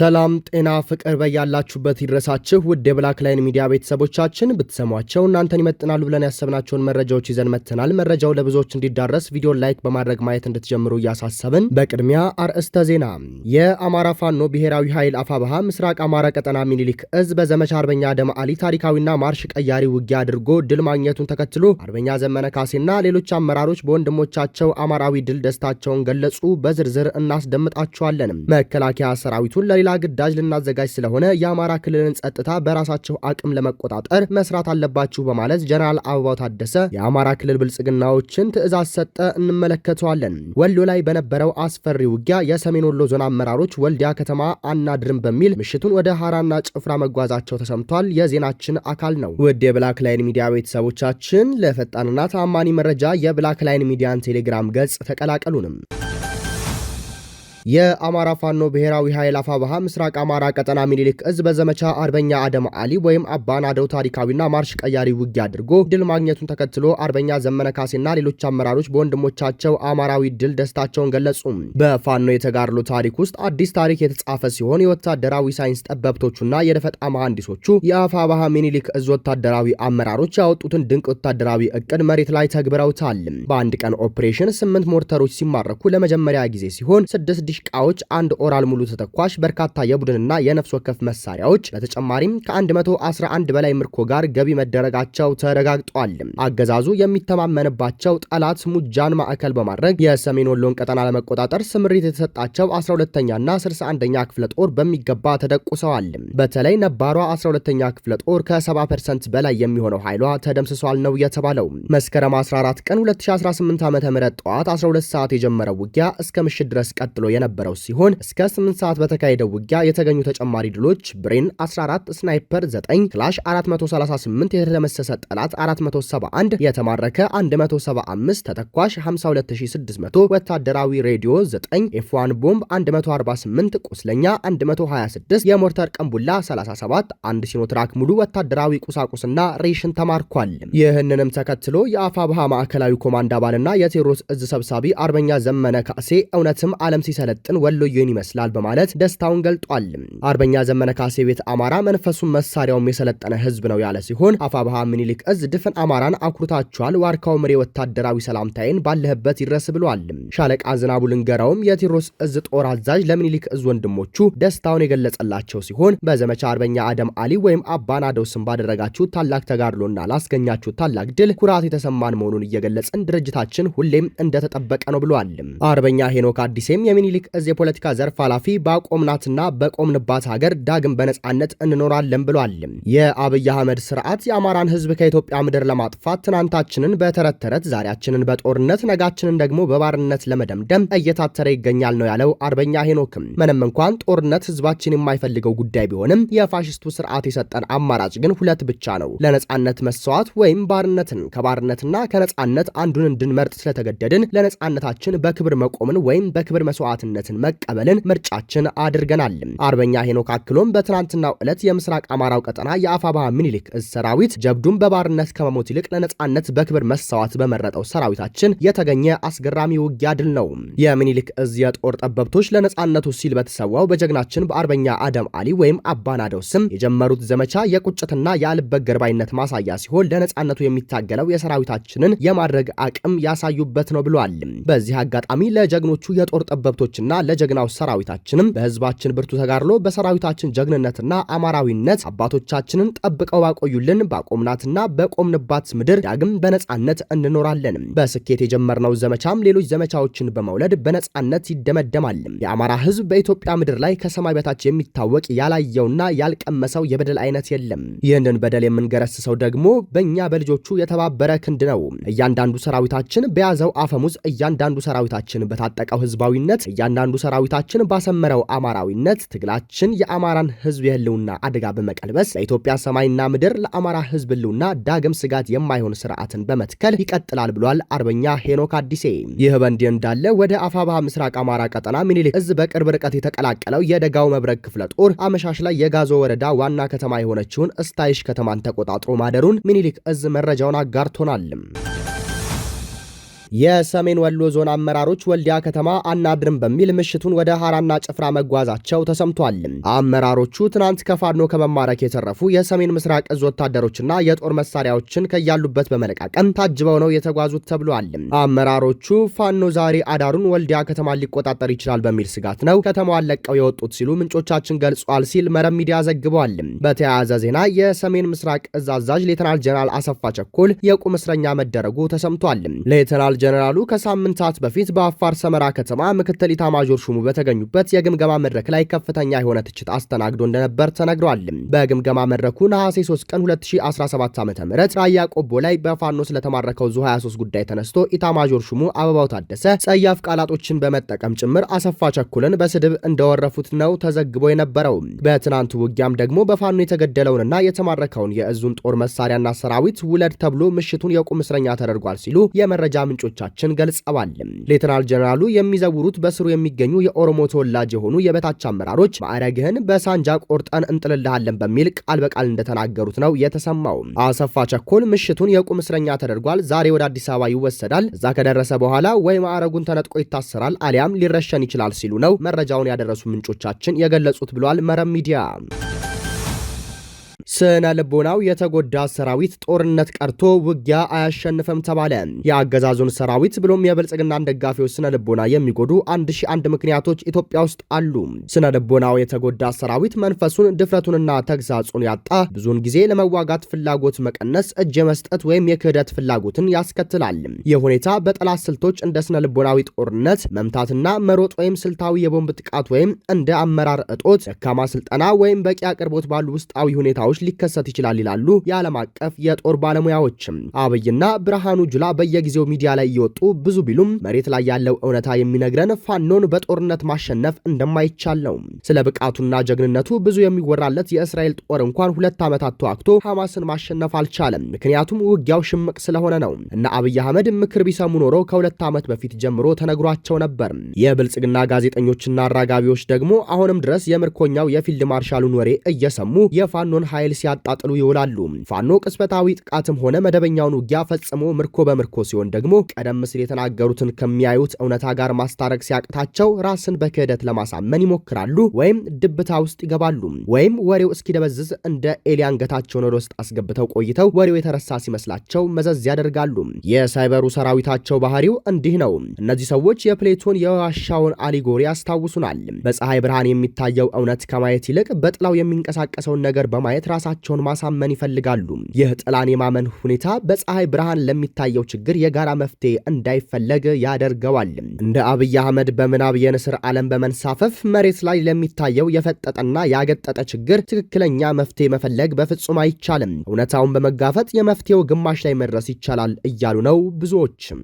ሰላም ጤና ፍቅር በያላችሁበት ይድረሳችሁ። ውድ የብላክ ላይን ሚዲያ ቤተሰቦቻችን ብትሰሟቸው እናንተን ይመጥናሉ ብለን ያሰብናቸውን መረጃዎች ይዘን መጥተናል። መረጃው ለብዙዎች እንዲዳረስ ቪዲዮ ላይክ በማድረግ ማየት እንድትጀምሩ እያሳሰብን፣ በቅድሚያ አርዕስተ ዜና። የአማራ ፋኖ ብሔራዊ ኃይል አፋብሃ ምስራቅ አማራ ቀጠና ሚኒሊክ እዝ በዘመቻ አርበኛ ደማአሊ ታሪካዊና ማርሽ ቀያሪ ውጊያ አድርጎ ድል ማግኘቱን ተከትሎ አርበኛ ዘመነ ካሴና ሌሎች አመራሮች በወንድሞቻቸው አማራዊ ድል ደስታቸውን ገለጹ። በዝርዝር እናስደምጣችኋለን። መከላከያ ሰራዊቱን ለሌላ ሌላ ግዳጅ ልናዘጋጅ ስለሆነ የአማራ ክልልን ጸጥታ በራሳቸው አቅም ለመቆጣጠር መስራት አለባችሁ በማለት ጀነራል አበባው ታደሰ የአማራ ክልል ብልጽግናዎችን ትዕዛዝ ሰጠ። እንመለከተዋለን። ወሎ ላይ በነበረው አስፈሪ ውጊያ የሰሜን ወሎ ዞን አመራሮች ወልዲያ ከተማ አናድርም በሚል ምሽቱን ወደ ሀራና ጭፍራ መጓዛቸው ተሰምቷል። የዜናችን አካል ነው። ውድ የብላክ ላይን ሚዲያ ቤተሰቦቻችን ለፈጣንና ታማኒ መረጃ የብላክ ላይን ሚዲያን ቴሌግራም ገጽ ተቀላቀሉንም። የአማራ ፋኖ ብሔራዊ ኃይል አፋብሃ ምስራቅ አማራ ቀጠና ሚኒሊክ እዝ በዘመቻ አርበኛ አደም አሊ ወይም አባን አደው ታሪካዊና ማርሽ ቀያሪ ውጊያ አድርጎ ድል ማግኘቱን ተከትሎ አርበኛ ዘመነ ካሴና ሌሎች አመራሮች በወንድሞቻቸው አማራዊ ድል ደስታቸውን ገለጹ። በፋኖ የተጋድሎ ታሪክ ውስጥ አዲስ ታሪክ የተጻፈ ሲሆን የወታደራዊ ሳይንስ ጠበብቶቹና የደፈጣ መሐንዲሶቹ የአፋባሃ ሚኒሊክ እዝ ወታደራዊ አመራሮች ያወጡትን ድንቅ ወታደራዊ እቅድ መሬት ላይ ተግብረውታል። በአንድ ቀን ኦፕሬሽን ስምንት ሞርተሮች ሲማረኩ ለመጀመሪያ ጊዜ ሲሆን ስድስት ስድስት ቃዎች፣ አንድ ኦራል ሙሉ ተተኳሽ፣ በርካታ የቡድንና የነፍስ ወከፍ መሳሪያዎች በተጨማሪም ከ111 በላይ ምርኮ ጋር ገቢ መደረጋቸው ተረጋግጧል። አገዛዙ የሚተማመንባቸው ጠላት ሙጃን ማዕከል በማድረግ የሰሜን ወሎን ቀጠና ለመቆጣጠር ስምሪት የተሰጣቸው 12ኛና 61ኛ ክፍለ ጦር በሚገባ ተደቁሰዋል። በተለይ ነባሯ 12ኛ ክፍለ ጦር ከ70 ፐርሰንት በላይ የሚሆነው ኃይሏ ተደምስሷል ነው የተባለው። መስከረም 14 ቀን 2018 ዓ ም ጠዋት 12 ሰዓት የጀመረው ውጊያ እስከ ምሽት ድረስ ቀጥሎ የነበረው ሲሆን እስከ 8 ሰዓት በተካሄደው ውጊያ የተገኙ ተጨማሪ ድሎች ብሬን 14፣ ስናይፐር 9፣ ክላሽ 438፣ የተደመሰሰ ጠላት 471፣ የተማረከ 175፣ ተተኳሽ 52600፣ ወታደራዊ ሬዲዮ 9፣ ኤፍዋን ቦምብ 148፣ ቁስለኛ 126፣ የሞርተር ቀንቡላ 37፣ አንድ ሲኖትራክ ሙሉ ወታደራዊ ቁሳቁስና ሬሽን ተማርኳል። ይህንንም ተከትሎ የአፋብሃ ማዕከላዊ ኮማንድ አባልና የቴዎድሮስ እዝ ሰብሳቢ አርበኛ ዘመነ ካሴ እውነትም ዓለም ሲሰለ የሚያሰለጥን ወሎዬን ይመስላል በማለት ደስታውን ገልጧል። አርበኛ ዘመነ ካሴ ቤት አማራ መንፈሱን መሳሪያውም የሰለጠነ ህዝብ ነው ያለ ሲሆን አፋብሃ ምኒልክ እዝ ድፍን አማራን አኩርታችኋል፣ ዋርካው ምሬ ወታደራዊ ሰላምታዬን ባለህበት ይድረስ ብሏል። ሻለቃ ዝናቡ ልንገራውም የቴዎድሮስ እዝ ጦር አዛዥ ለምኒልክ እዝ ወንድሞቹ ደስታውን የገለጸላቸው ሲሆን በዘመቻ አርበኛ አደም አሊ ወይም አባን ስም ባደረጋችሁ ታላቅ ተጋድሎና ላስገኛችሁ ታላቅ ድል ኩራት የተሰማን መሆኑን እየገለጽን ድርጅታችን ሁሌም እንደተጠበቀ ነው ብሏል። አርበኛ ሄኖክ አዲሴም የሚኒሊክ የምኒልክ እዝ የፖለቲካ ዘርፍ ኃላፊ በቆምናትና በቆምንባት ሀገር ዳግም በነጻነት እንኖራለን ብሏል። የአብይ አህመድ ስርዓት የአማራን ህዝብ ከኢትዮጵያ ምድር ለማጥፋት ትናንታችንን በተረት ተረት፣ ዛሬያችንን በጦርነት ነጋችንን ደግሞ በባርነት ለመደምደም እየታተረ ይገኛል ነው ያለው አርበኛ ሄኖክም። ምንም እንኳን ጦርነት ህዝባችን የማይፈልገው ጉዳይ ቢሆንም የፋሽስቱ ስርዓት የሰጠን አማራጭ ግን ሁለት ብቻ ነው፣ ለነጻነት መስዋዕት ወይም ባርነትን። ከባርነትና ከነጻነት አንዱን እንድንመርጥ ስለተገደድን ለነጻነታችን በክብር መቆምን ወይም በክብር መስዋዕትን መስዋዕትነትን መቀበልን ምርጫችን አድርገናል። አርበኛ ሄኖክ አክሎም በትናንትናው ዕለት የምስራቅ አማራው ቀጠና የአፋባ ሚኒሊክ እዝ ሰራዊት ጀብዱን በባርነት ከመሞት ይልቅ ለነጻነት በክብር መሰዋት በመረጠው ሰራዊታችን የተገኘ አስገራሚ ውጊያ ድል ነው። የሚኒሊክ እዝ የጦር ጠበብቶች ለነጻነቱ ሲል በተሰዋው በጀግናችን በአርበኛ አደም አሊ ወይም አባናደው ስም የጀመሩት ዘመቻ የቁጭትና የአልበገርባይነት ማሳያ ሲሆን ለነጻነቱ የሚታገለው የሰራዊታችንን የማድረግ አቅም ያሳዩበት ነው ብሏል። በዚህ አጋጣሚ ለጀግኖቹ የጦር ጠበብቶች ለሀገራችንና ለጀግናው ሰራዊታችንም በህዝባችን ብርቱ ተጋድሎ በሰራዊታችን ጀግንነትና አማራዊነት አባቶቻችንን ጠብቀው ባቆዩልን ባቆምናትና በቆምንባት ምድር ዳግም በነጻነት እንኖራለን። በስኬት የጀመርነው ዘመቻም ሌሎች ዘመቻዎችን በመውለድ በነጻነት ይደመደማል። የአማራ ህዝብ በኢትዮጵያ ምድር ላይ ከሰማይ በታች የሚታወቅ ያላየውና ያልቀመሰው የበደል አይነት የለም። ይህንን በደል የምንገረስሰው ደግሞ በእኛ በልጆቹ የተባበረ ክንድ ነው። እያንዳንዱ ሰራዊታችን በያዘው አፈሙዝ፣ እያንዳንዱ ሰራዊታችን በታጠቀው ህዝባዊነት እያንዳንዱ ሰራዊታችን ባሰመረው አማራዊነት ትግላችን የአማራን ህዝብ የህልውና አደጋ በመቀልበስ ለኢትዮጵያ ሰማይና ምድር ለአማራ ህዝብ ህልውና ዳግም ስጋት የማይሆን ስርዓትን በመትከል ይቀጥላል ብሏል አርበኛ ሄኖክ አዲሴ። ይህ በእንዲህ እንዳለ ወደ አፋባ ምስራቅ አማራ ቀጠና ሚኒሊክ እዝ በቅርብ ርቀት የተቀላቀለው የደጋው መብረቅ ክፍለ ጦር አመሻሽ ላይ የጋዞ ወረዳ ዋና ከተማ የሆነችውን እስታይሽ ከተማን ተቆጣጥሮ ማደሩን ሚኒሊክ እዝ መረጃውን አጋርቶናል። የሰሜን ወሎ ዞን አመራሮች ወልዲያ ከተማ አናድርም በሚል ምሽቱን ወደ ሐራና ጭፍራ መጓዛቸው ተሰምቷል። አመራሮቹ ትናንት ከፋኖ ከመማረክ የተረፉ የሰሜን ምስራቅ እዝ ወታደሮችና የጦር መሳሪያዎችን ከያሉበት በመለቃቀም ታጅበው ነው የተጓዙት ተብሏል። አመራሮቹ ፋኖ ዛሬ አዳሩን ወልዲያ ከተማ ሊቆጣጠር ይችላል በሚል ስጋት ነው ከተማዋን ለቀው የወጡት ሲሉ ምንጮቻችን ገልጿል ሲል መረብ ሚዲያ ዘግቧል። በተያያዘ ዜና የሰሜን ምስራቅ እዝ አዛዥ ሌተናል ጀነራል አሰፋ ቸኮል የቁም እስረኛ መደረጉ ተሰምቷል። ሌተናል ጀነራሉ ከሳምንታት በፊት በአፋር ሰመራ ከተማ ምክትል ኢታማዦር ሹሙ በተገኙበት የግምገማ መድረክ ላይ ከፍተኛ የሆነ ትችት አስተናግዶ እንደነበር ተነግሯል። በግምገማ መድረኩ ነሐሴ 3 ቀን 2017 ዓ ም ራያ ቆቦ ላይ በፋኖ ስለተማረከው ዙ 23 ጉዳይ ተነስቶ ኢታማዦር ሹሙ አበባው ታደሰ ጸያፍ ቃላቶችን በመጠቀም ጭምር አሰፋ ቸኩልን በስድብ እንደወረፉት ነው ተዘግቦ የነበረው። በትናንቱ ውጊያም ደግሞ በፋኖ የተገደለውንና የተማረከውን የእዙን ጦር መሳሪያና ሰራዊት ውለድ ተብሎ ምሽቱን የቁም እስረኛ ተደርጓል ሲሉ የመረጃ ምንጮች ምንጮቻችን ገልጸዋል። ሌተናል ጀነራሉ የሚዘውሩት በስሩ የሚገኙ የኦሮሞ ተወላጅ የሆኑ የበታች አመራሮች ማዕረግህን በሳንጃ ቆርጠን እንጥልልሃለን በሚል ቃል በቃል እንደተናገሩት ነው የተሰማው። አሰፋ ቸኮል ምሽቱን የቁም እስረኛ ተደርጓል። ዛሬ ወደ አዲስ አበባ ይወሰዳል። እዛ ከደረሰ በኋላ ወይ ማዕረጉን ተነጥቆ ይታሰራል፣ አሊያም ሊረሸን ይችላል ሲሉ ነው መረጃውን ያደረሱ ምንጮቻችን የገለጹት ብሏል መረብ ሚዲያ። ስነ ልቦናው የተጎዳ ሰራዊት ጦርነት ቀርቶ ውጊያ አያሸንፍም ተባለ። የአገዛዙን ሰራዊት ብሎም የብልጽግናን ደጋፊዎች ስነ ልቦና የሚጎዱ 1001 ምክንያቶች ኢትዮጵያ ውስጥ አሉ። ስነ ልቦናው የተጎዳ ሰራዊት መንፈሱን ድፍረቱንና ተግሳጹን ያጣ፣ ብዙውን ጊዜ ለመዋጋት ፍላጎት መቀነስ፣ እጅ የመስጠት ወይም የክህደት ፍላጎትን ያስከትላል። ይህ ሁኔታ በጠላት ስልቶች እንደ ስነ ልቦናዊ ጦርነት መምታትና መሮጥ ወይም ስልታዊ የቦምብ ጥቃት ወይም እንደ አመራር እጦት፣ ደካማ ስልጠና ወይም በቂ አቅርቦት ባሉ ውስጣዊ ሁኔታዎች ሁኔታዎች ሊከሰት ይችላል ይላሉ የዓለም አቀፍ የጦር ባለሙያዎችም። አብይና ብርሃኑ ጁላ በየጊዜው ሚዲያ ላይ እየወጡ ብዙ ቢሉም መሬት ላይ ያለው እውነታ የሚነግረን ፋኖን በጦርነት ማሸነፍ እንደማይቻል ነው። ስለ ብቃቱና ጀግንነቱ ብዙ የሚወራለት የእስራኤል ጦር እንኳን ሁለት ዓመታት ተዋግቶ ሐማስን ማሸነፍ አልቻለም። ምክንያቱም ውጊያው ሽምቅ ስለሆነ ነው። እነ አብይ አህመድ ምክር ቢሰሙ ኖሮ ከሁለት ዓመት በፊት ጀምሮ ተነግሯቸው ነበር። የብልጽግና ጋዜጠኞችና አራጋቢዎች ደግሞ አሁንም ድረስ የምርኮኛው የፊልድ ማርሻሉን ወሬ እየሰሙ የፋኖን ኃይል ሲያጣጥሉ ይውላሉ። ፋኖ ቅጽበታዊ ጥቃትም ሆነ መደበኛውን ውጊያ ፈጽሞ ምርኮ በምርኮ ሲሆን ደግሞ ቀደም ሲል የተናገሩትን ከሚያዩት እውነታ ጋር ማስታረቅ ሲያቅታቸው ራስን በክህደት ለማሳመን ይሞክራሉ፣ ወይም ድብታ ውስጥ ይገባሉ፣ ወይም ወሬው እስኪደበዝዝ እንደ ኤሊ ገታቸውን ወደ ውስጥ አስገብተው ቆይተው ወሬው የተረሳ ሲመስላቸው መዘዝ ያደርጋሉ። የሳይበሩ ሰራዊታቸው ባህሪው እንዲህ ነው። እነዚህ ሰዎች የፕሌቶን የዋሻውን አሊጎሪ ያስታውሱናል። በፀሐይ ብርሃን የሚታየው እውነት ከማየት ይልቅ በጥላው የሚንቀሳቀሰውን ነገር በማየት ራሳቸውን ማሳመን ይፈልጋሉ። ይህ ጥላን የማመን ሁኔታ በፀሐይ ብርሃን ለሚታየው ችግር የጋራ መፍትሄ እንዳይፈለግ ያደርገዋል። እንደ አብይ አህመድ በምናብ የንስር ዓለም በመንሳፈፍ መሬት ላይ ለሚታየው የፈጠጠና ያገጠጠ ችግር ትክክለኛ መፍትሄ መፈለግ በፍጹም አይቻልም። እውነታውን በመጋፈጥ የመፍትሄው ግማሽ ላይ መድረስ ይቻላል እያሉ ነው ብዙዎችም።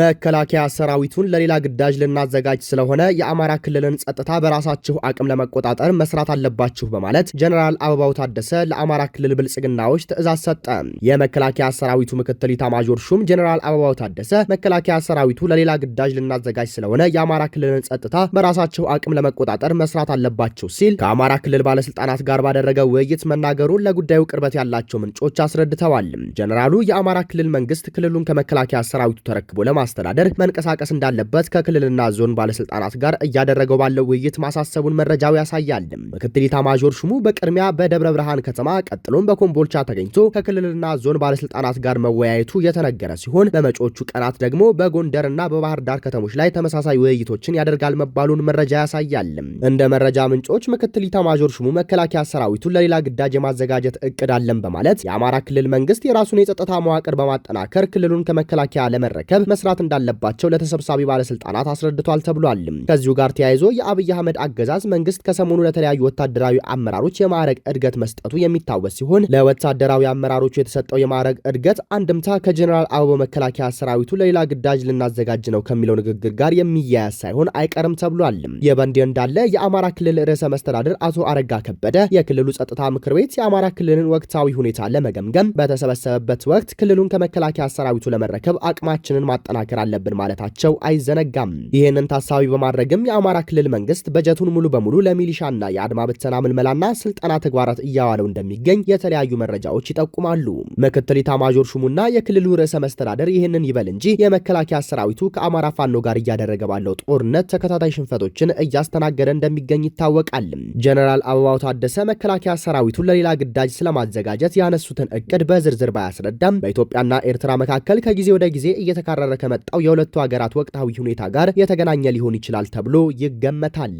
መከላከያ ሰራዊቱን ለሌላ ግዳጅ ልናዘጋጅ ስለሆነ የአማራ ክልልን ጸጥታ በራሳችሁ አቅም ለመቆጣጠር መስራት አለባችሁ በማለት ጀነራል አበባው ታደሰ ለአማራ ክልል ብልጽግናዎች ትዕዛዝ ሰጠ። የመከላከያ ሰራዊቱ ምክትል ኢታማዦር ሹም ጀነራል አበባው ታደሰ መከላከያ ሰራዊቱ ለሌላ ግዳጅ ልናዘጋጅ ስለሆነ የአማራ ክልልን ጸጥታ በራሳቸው አቅም ለመቆጣጠር መስራት አለባቸው ሲል ከአማራ ክልል ባለስልጣናት ጋር ባደረገ ውይይት መናገሩን ለጉዳዩ ቅርበት ያላቸው ምንጮች አስረድተዋል። ጀነራሉ የአማራ ክልል መንግስት ክልሉን ከመከላከያ ሰራዊቱ ተረክቦ ለማስተዳደር መንቀሳቀስ እንዳለበት ከክልልና ዞን ባለስልጣናት ጋር እያደረገው ባለው ውይይት ማሳሰቡን መረጃው ያሳያል። ምክትል ኢታማዦር ሹሙ በቅድሚያ በደብረ ብርሃን ከተማ ቀጥሎም በኮምቦልቻ ተገኝቶ ከክልልና ዞን ባለስልጣናት ጋር መወያየቱ የተነገረ ሲሆን በመጪዎቹ ቀናት ደግሞ በጎንደርና በባህር ዳር ከተሞች ላይ ተመሳሳይ ውይይቶችን ያደርጋል መባሉን መረጃ ያሳያል። እንደ መረጃ ምንጮች ምክትል ኢታማዦር ሹሙ መከላከያ ሰራዊቱን ለሌላ ግዳጅ የማዘጋጀት እቅድ አለን በማለት የአማራ ክልል መንግስት የራሱን የጸጥታ መዋቅር በማጠናከር ክልሉን ከመከላከያ ለመረከብ መስራት መስራት እንዳለባቸው ለተሰብሳቢ ባለስልጣናት አስረድቷል ተብሏል። ከዚሁ ጋር ተያይዞ የአብይ አህመድ አገዛዝ መንግስት ከሰሞኑ ለተለያዩ ወታደራዊ አመራሮች የማዕረግ እድገት መስጠቱ የሚታወስ ሲሆን ለወታደራዊ አመራሮቹ የተሰጠው የማዕረግ እድገት አንድምታ ከጀኔራል አበበ መከላከያ ሰራዊቱ ለሌላ ግዳጅ ልናዘጋጅ ነው ከሚለው ንግግር ጋር የሚያያዝ ሳይሆን አይቀርም ተብሏል። የበንዴ እንዳለ የአማራ ክልል ርዕሰ መስተዳድር አቶ አረጋ ከበደ የክልሉ ጸጥታ ምክር ቤት የአማራ ክልልን ወቅታዊ ሁኔታ ለመገምገም በተሰበሰበበት ወቅት ክልሉን ከመከላከያ ሰራዊቱ ለመረከብ አቅማችንን ማጠና ማጠናከር አለብን ማለታቸው አይዘነጋም። ይህንን ታሳቢ በማድረግም የአማራ ክልል መንግስት በጀቱን ሙሉ በሙሉ ለሚሊሻና የአድማ ብተና ምልመላና ስልጠና ተግባራት እያዋለው እንደሚገኝ የተለያዩ መረጃዎች ይጠቁማሉ። ምክትል ኢታማዦር ሹሙና የክልሉ ርዕሰ መስተዳደር ይህንን ይበል እንጂ የመከላከያ ሰራዊቱ ከአማራ ፋኖ ጋር እያደረገ ባለው ጦርነት ተከታታይ ሽንፈቶችን እያስተናገደ እንደሚገኝ ይታወቃል። ጀነራል አበባው ታደሰ መከላከያ ሰራዊቱን ለሌላ ግዳጅ ስለማዘጋጀት ያነሱትን እቅድ በዝርዝር ባያስረዳም በኢትዮጵያና ኤርትራ መካከል ከጊዜ ወደ ጊዜ እየተካረረ ከመጣው የሁለቱ ሀገራት ወቅታዊ ሁኔታ ጋር የተገናኘ ሊሆን ይችላል ተብሎ ይገመታል።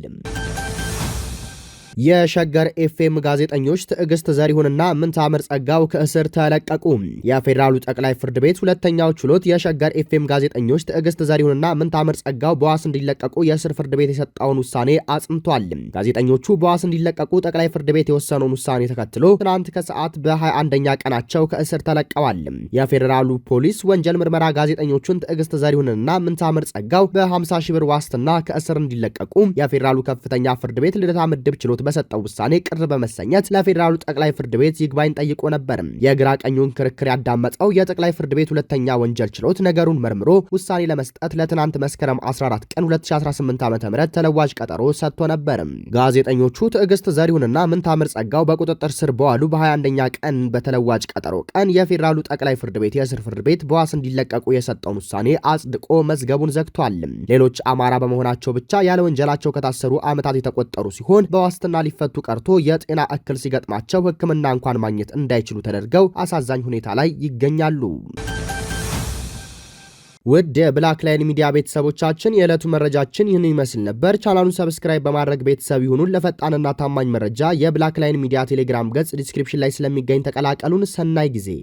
የሸገር ኤፍኤም ጋዜጠኞች ትዕግስት ዘሪሁንና ምንታምር ጸጋው ከእስር ተለቀቁ። የፌዴራሉ ጠቅላይ ፍርድ ቤት ሁለተኛው ችሎት የሸገር ኤፍኤም ጋዜጠኞች ትዕግስት ዘሪሁንና ምንታምር ጸጋው በዋስ እንዲለቀቁ የእስር ፍርድ ቤት የሰጠውን ውሳኔ አጽንቷል። ጋዜጠኞቹ በዋስ እንዲለቀቁ ጠቅላይ ፍርድ ቤት የወሰነውን ውሳኔ ተከትሎ ትናንት ከሰዓት በ21ኛ ቀናቸው ከእስር ተለቀዋል። የፌዴራሉ ፖሊስ ወንጀል ምርመራ ጋዜጠኞቹን ትዕግስት ዘሪሁንና ምንታምር ጸጋው በ50 ሺህ ብር ዋስትና ከእስር እንዲለቀቁ የፌዴራሉ ከፍተኛ ፍርድ ቤት ልደታ ምድብ ችሎት በሰጠው ውሳኔ ቅር በመሰኘት ለፌዴራሉ ጠቅላይ ፍርድ ቤት ይግባኝ ጠይቆ ነበር። የግራ ቀኙን ክርክር ያዳመጠው የጠቅላይ ፍርድ ቤት ሁለተኛ ወንጀል ችሎት ነገሩን መርምሮ ውሳኔ ለመስጠት ለትናንት መስከረም 14 ቀን 2018 ዓ.ም ተለዋጭ ቀጠሮ ሰጥቶ ነበር። ጋዜጠኞቹ ትዕግስት ዘሪሁንና ምንታምር ጸጋው በቁጥጥር ስር በዋሉ በ21ኛ ቀን በተለዋጭ ቀጠሮ ቀን የፌዴራሉ ጠቅላይ ፍርድ ቤት የእስር ፍርድ ቤት በዋስ እንዲለቀቁ የሰጠውን ውሳኔ አጽድቆ መዝገቡን ዘግቷል። ሌሎች አማራ በመሆናቸው ብቻ ያለ ወንጀላቸው ከታሰሩ ዓመታት የተቆጠሩ ሲሆን በዋስትና ከሙስና ሊፈቱ ቀርቶ የጤና እክል ሲገጥማቸው ሕክምና እንኳን ማግኘት እንዳይችሉ ተደርገው አሳዛኝ ሁኔታ ላይ ይገኛሉ። ውድ የብላክ ላይን ሚዲያ ቤተሰቦቻችን የዕለቱ መረጃችን ይህን ይመስል ነበር። ቻናሉን ሰብስክራይብ በማድረግ ቤተሰብ ይሁኑን። ለፈጣንና ታማኝ መረጃ የብላክ ላይን ሚዲያ ቴሌግራም ገጽ ዲስክሪፕሽን ላይ ስለሚገኝ ተቀላቀሉን። ሰናይ ጊዜ